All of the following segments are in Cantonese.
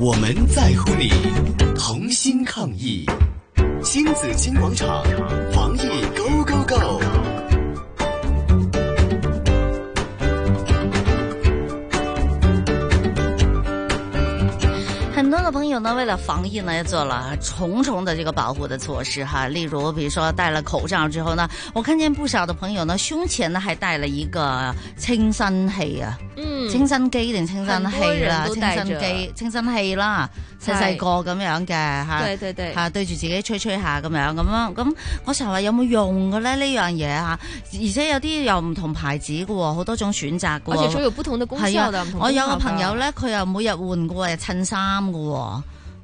我們在乎你，同心抗疫，親子金廣場，防疫 Go Go Go。多個朋友呢，為了防疫呢，也做了重重的這個保護的措施哈。例如，比如說戴了口罩之後呢，我看見不少的朋友呢，胸前呢係戴了一個清新器啊，嗯、清新機定清新器啦，清新機、清新器啦，細細對個咁樣嘅吓，對住自己吹吹下咁樣咁樣。咁我成日話有冇用嘅咧呢樣嘢吓，而且有啲又唔同牌子嘅，好多種選擇，而且所有不同的公司，我有個朋友呢，佢又每日換過襯衫嘅。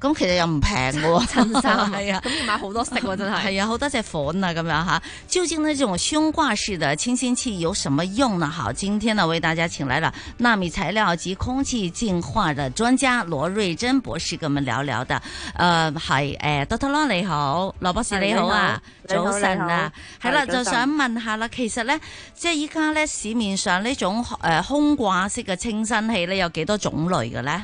咁其實又唔平嘅，襯衫係啊，咁要買好多色、啊、真係。係啊、嗯呃，好多隻款啊，咁樣吓、啊。究竟呢種胸掛式嘅清新器有什麼用呢、啊？好，今天呢、啊、為大家請來了納米材料及空氣淨化的專家羅瑞真博士，跟我們聊聊的。誒、呃，係誒，Doctor Lo 你好，羅博士你好啊，早晨啊，係啦，就想問下啦，其實呢，即係依家呢市面上呢種誒、呃呃、空掛式嘅清新器呢，有幾多種類嘅呢？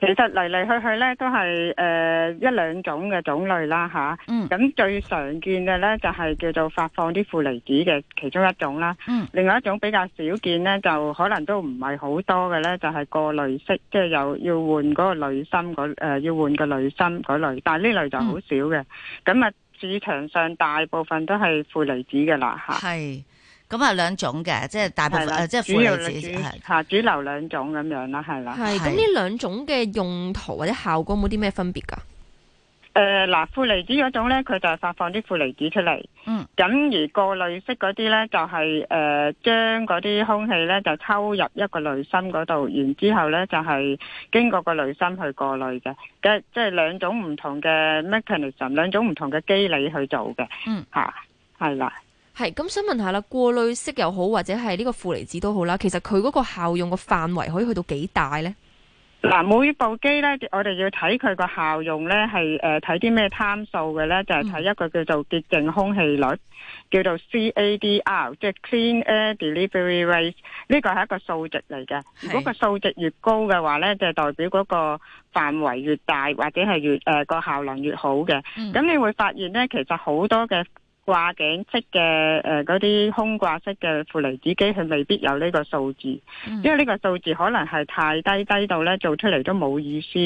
其實嚟嚟去去咧都係誒、呃、一兩種嘅種類啦吓，咁、嗯啊、最常見嘅咧就係、是、叫做發放啲負離子嘅其中一種啦，嗯、另外一種比較少見咧就可能都唔係好多嘅咧就係、是、過濾式，即係又要換嗰個濾芯誒要換個濾芯嗰類，但係呢類就好少嘅，咁啊、嗯、市場上大部分都係負離子嘅啦吓。啊咁啊，兩種嘅，即係大部分即係的、啊、主流子係吓，的主流兩的種咁樣啦，係啦。咁呢兩種嘅用途或者效果冇啲咩分別噶？誒、呃，嗱，負離子嗰種咧，佢就係發放啲負離子出嚟。嗯。咁而過濾式嗰啲咧，就係誒將嗰啲空氣咧就抽入一個濾芯嗰度，然之後咧就係、是、經過個濾芯去過濾嘅。嘅即係兩種唔同嘅 mechanism，兩種唔同嘅機理去做嘅。嗯。吓係啦。係咁想問下啦，過濾式又好或者係呢個負離子都好啦，其實佢嗰個效用個範圍可以去到幾大呢？嗱，每部機呢，我哋要睇佢個效用呢，係誒睇啲咩參數嘅呢？就係、是、睇一個叫做潔淨空氣率，嗯、叫做 CADR，即係 Clean Air Delivery Rate，呢個係一個數值嚟嘅。是如果個數值越高嘅話呢，就代表嗰個範圍越大或者係越誒個、呃、效能越好嘅。咁、嗯、你會發現呢，其實好多嘅。掛頸式嘅誒嗰啲空掛式嘅負離子機，佢未必有呢個數字，因為呢個數字可能係太低，低到呢，做出嚟，都冇意思。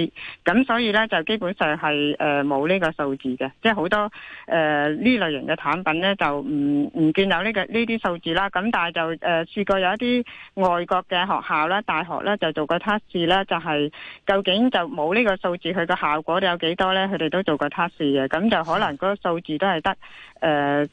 咁所以呢，就基本上係誒冇呢個數字嘅，即係好多誒呢、呃、類型嘅產品呢，就唔唔見有呢、呢個呢啲數字啦。咁但係就誒試、呃、過有一啲外國嘅學校啦、大學呢，就做過測試咧，就係、係、究竟就冇呢個數字，佢個效果有幾多呢？佢哋都做過測試嘅，咁就可能嗰個數字都係得誒。呃誒，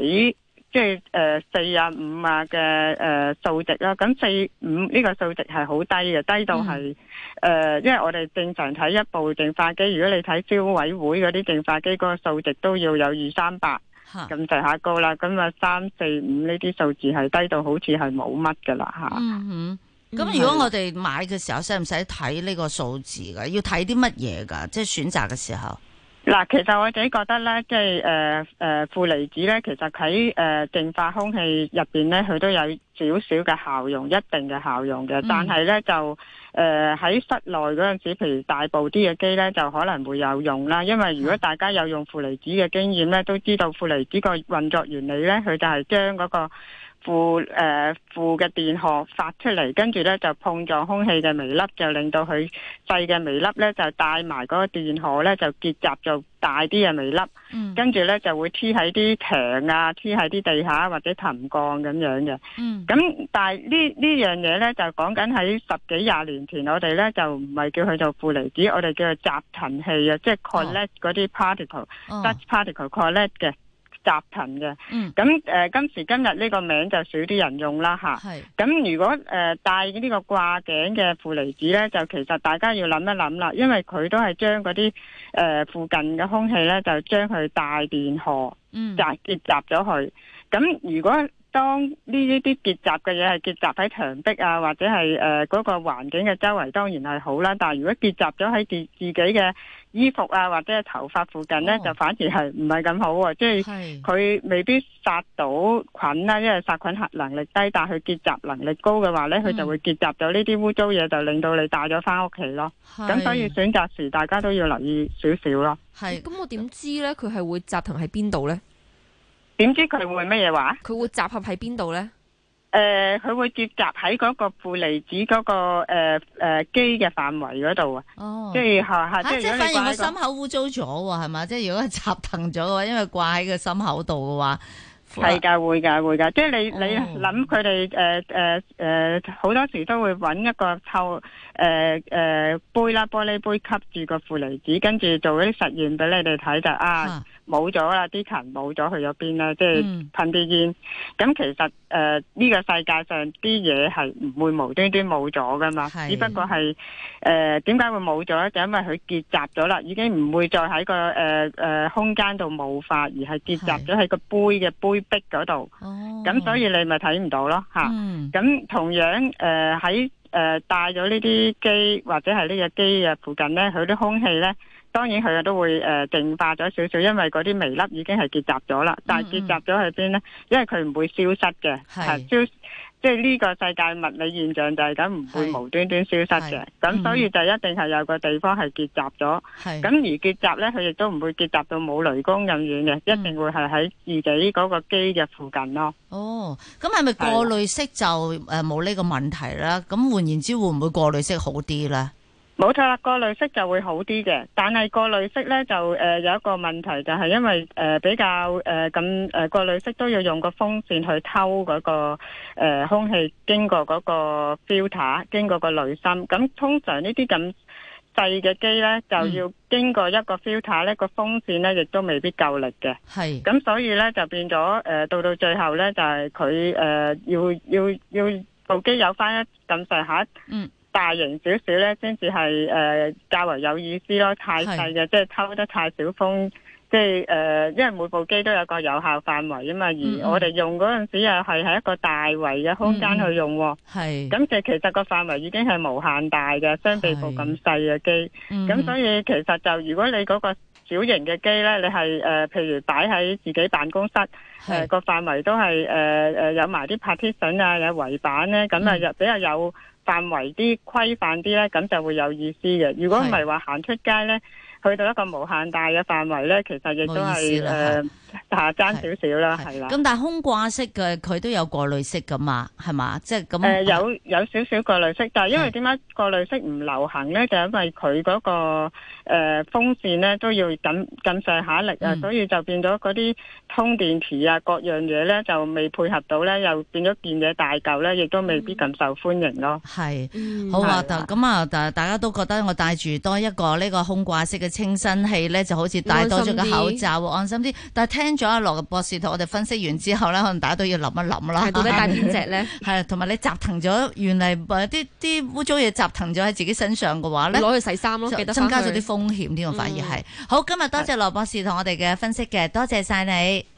幾即係誒、呃、四啊五啊嘅誒數值啦，咁、呃、四五呢、呃、個數值係好低嘅，低到係誒、嗯哼呃，因為我哋正常睇一部淨化機，如果你睇消委會嗰啲淨化機嗰、嗰個數值都要有二三百咁就下高啦，咁啊，三四五呢啲數字係低到好似係冇乜噶啦吓。嗯，咁如果我哋買嘅時候使唔使睇呢個數字噶？要睇啲乜嘢噶？即係選擇嘅時候。要嗱，其實我自己覺得咧，即係誒誒，負離子咧，其實喺誒淨化空氣入邊咧，佢都有少少嘅效用，一定嘅效用嘅。嗯、但係咧就誒喺、呃、室內嗰陣時，譬如大部啲嘅機咧，就可能會有用啦。因為如果大家有用負離子嘅經驗咧，都知道負離子個運作原理咧，佢就係將嗰個。負誒負嘅電荷發出嚟，跟住咧就碰撞空氣嘅微粒，就令到佢細嘅微粒咧就帶埋嗰個電荷咧就結集就大啲嘅微粒，嗯，跟住咧就會黐喺啲牆啊，黐喺啲地下或者沉降咁樣嘅，嗯，咁但係呢呢樣嘢咧就講緊喺十幾廿年前，我哋咧就唔係叫佢做負離子，我哋叫集塵器啊，即係 collect 嗰啲 particle，that particle collect 嘅、嗯。嗯集塵嘅，咁誒、嗯呃、今時今日呢個名就少啲人用啦吓，咁、啊、是如果誒帶呢個掛頸嘅負離子呢，就其實大家要諗一諗啦，因為佢都係將嗰啲誒附近嘅空氣呢，就將佢帶電荷，集結集咗去，咁如果。當呢一啲結集嘅嘢係結集喺牆壁啊，或者係誒嗰個環境嘅周圍，當然係好啦。但係如果結集咗喺自自己嘅衣服啊，或者係頭髮附近咧，哦、就反而係唔係咁好啊。即係佢是未必殺到菌啦，因為殺菌核能力低，但係佢結集能力高嘅話咧，佢就會結集咗呢啲污糟嘢，嗯、就令到你帶咗翻屋企咯。咁是所以選擇時大家都要留意少少咯。係。咁我點知咧？佢係會集集喺邊度咧？點知佢會咩嘢話？佢會集合喺邊度咧？誒、呃，佢會聚集喺嗰個負離子嗰、嗰個誒誒機嘅範圍嗰度啊！哦，即係吓吓吓！即係發現佢心口污糟咗喎，係嘛？即係如果雜騰咗嘅話，因為掛喺個心口度嘅話，係噶會噶會噶。即係你、哦、你諗佢哋誒誒誒，好、呃呃呃、多時都會揾一個透誒誒杯啦，玻璃杯吸住個負離子，跟住做一啲實驗俾你哋睇就啊！啊啊冇咗啦，啲塵冇咗去咗邊咧？即係噴啲煙，咁、嗯、其實誒呢、呃這個世界上啲嘢係唔會無端端冇咗噶嘛，的只不過係誒點解會冇咗？就因為佢結集咗啦，已經唔會再喺、個誒誒、呃、空間度冇法，而係結集咗喺個杯嘅杯壁嗰度。咁的所以你咪睇唔到咯吓。咁、嗯啊、同樣誒喺誒帶咗呢啲機或者係呢隻機嘅附近咧，佢啲空氣咧。當然佢啊都會誒淨化咗少少，因為嗰啲微粒已經係結集咗啦。但係結集咗喺邊呢？因為佢唔會消失嘅，係消即係呢個世界物理現象就係咁，唔會無端端消失嘅。咁所以就一定係有個地方係結集咗。咁是而結集呢，佢亦都唔會結集到冇雷公咁遠嘅，是一定會係喺自己嗰個機嘅附近咯。哦，咁係咪過濾式就誒冇呢個問題啦？咁換的言之，會唔會過濾式好啲呢？冇錯啦，過濾、那個、式就會好啲嘅，但係過濾式呢，就誒、呃、有一個問題，就係、是、因為誒、呃、比較誒咁誒過濾式都要用個風扇去偷嗰、那個誒、呃、空氣經過嗰個 filter，經過個濾芯。咁通常呢啲咁細嘅機呢，就要經過一個 filter 咧，個風扇呢亦都未必夠力嘅。係是，咁所以呢，就變咗誒、呃、到到最後呢，就係佢誒要要要部機有翻一咁細下。嗯。大型少少咧，先至係誒較為有意思咯。太細嘅，是即係抽得太少風，即係誒、呃，因為每部機都有個有效範圍啊嘛。而我哋用嗰陣時又係喺一個大圍嘅空間去用，係咁、嗯、就其實個範圍已經係無限大嘅，相比部咁細嘅機。咁是所以其實就如果你嗰個小型嘅機咧，你係誒、呃，譬如擺喺自己辦公室，是呃、個範圍都係誒誒有埋啲 partition 啊，有圍板咧，咁啊又比較有。範圍啲規範啲咧，咁就會有意思嘅。如果唔係話，行出街咧，是去到一個無限大嘅範圍咧，其實亦都係誒。啊，爭少少啦，係啦。咁但係空掛式嘅佢都有過濾式噶嘛，係嘛，即係咁。誒、嗯呃，有有少少過濾式，但係因為點解過濾式唔流行咧？就是因為佢嗰、那個誒、呃、風扇咧都要緊緊上下力啊，嗯、所以就變咗嗰啲通電池啊，各樣嘢咧就未配合到咧，又變咗件嘢大舊咧，亦都未必咁受歡迎咯。係，好啊，就咁、嗯嗯、啊，但係大家都覺得我戴住多一個呢個空掛式嘅清新器咧，就好似戴多咗個口罩，安心啲。但係聽咗阿羅博士同我哋分析完之後咧，可能大家都要諗一諗啦。係咯，到底戴邊隻咧？係， 同埋你集停咗，原嚟，啲啲污糟嘢集停咗喺自己身上嘅話咧，攞去洗衫咯，就增加咗啲風險添，我反而係。好，今日多謝羅博士同我哋嘅分析嘅，多謝晒你。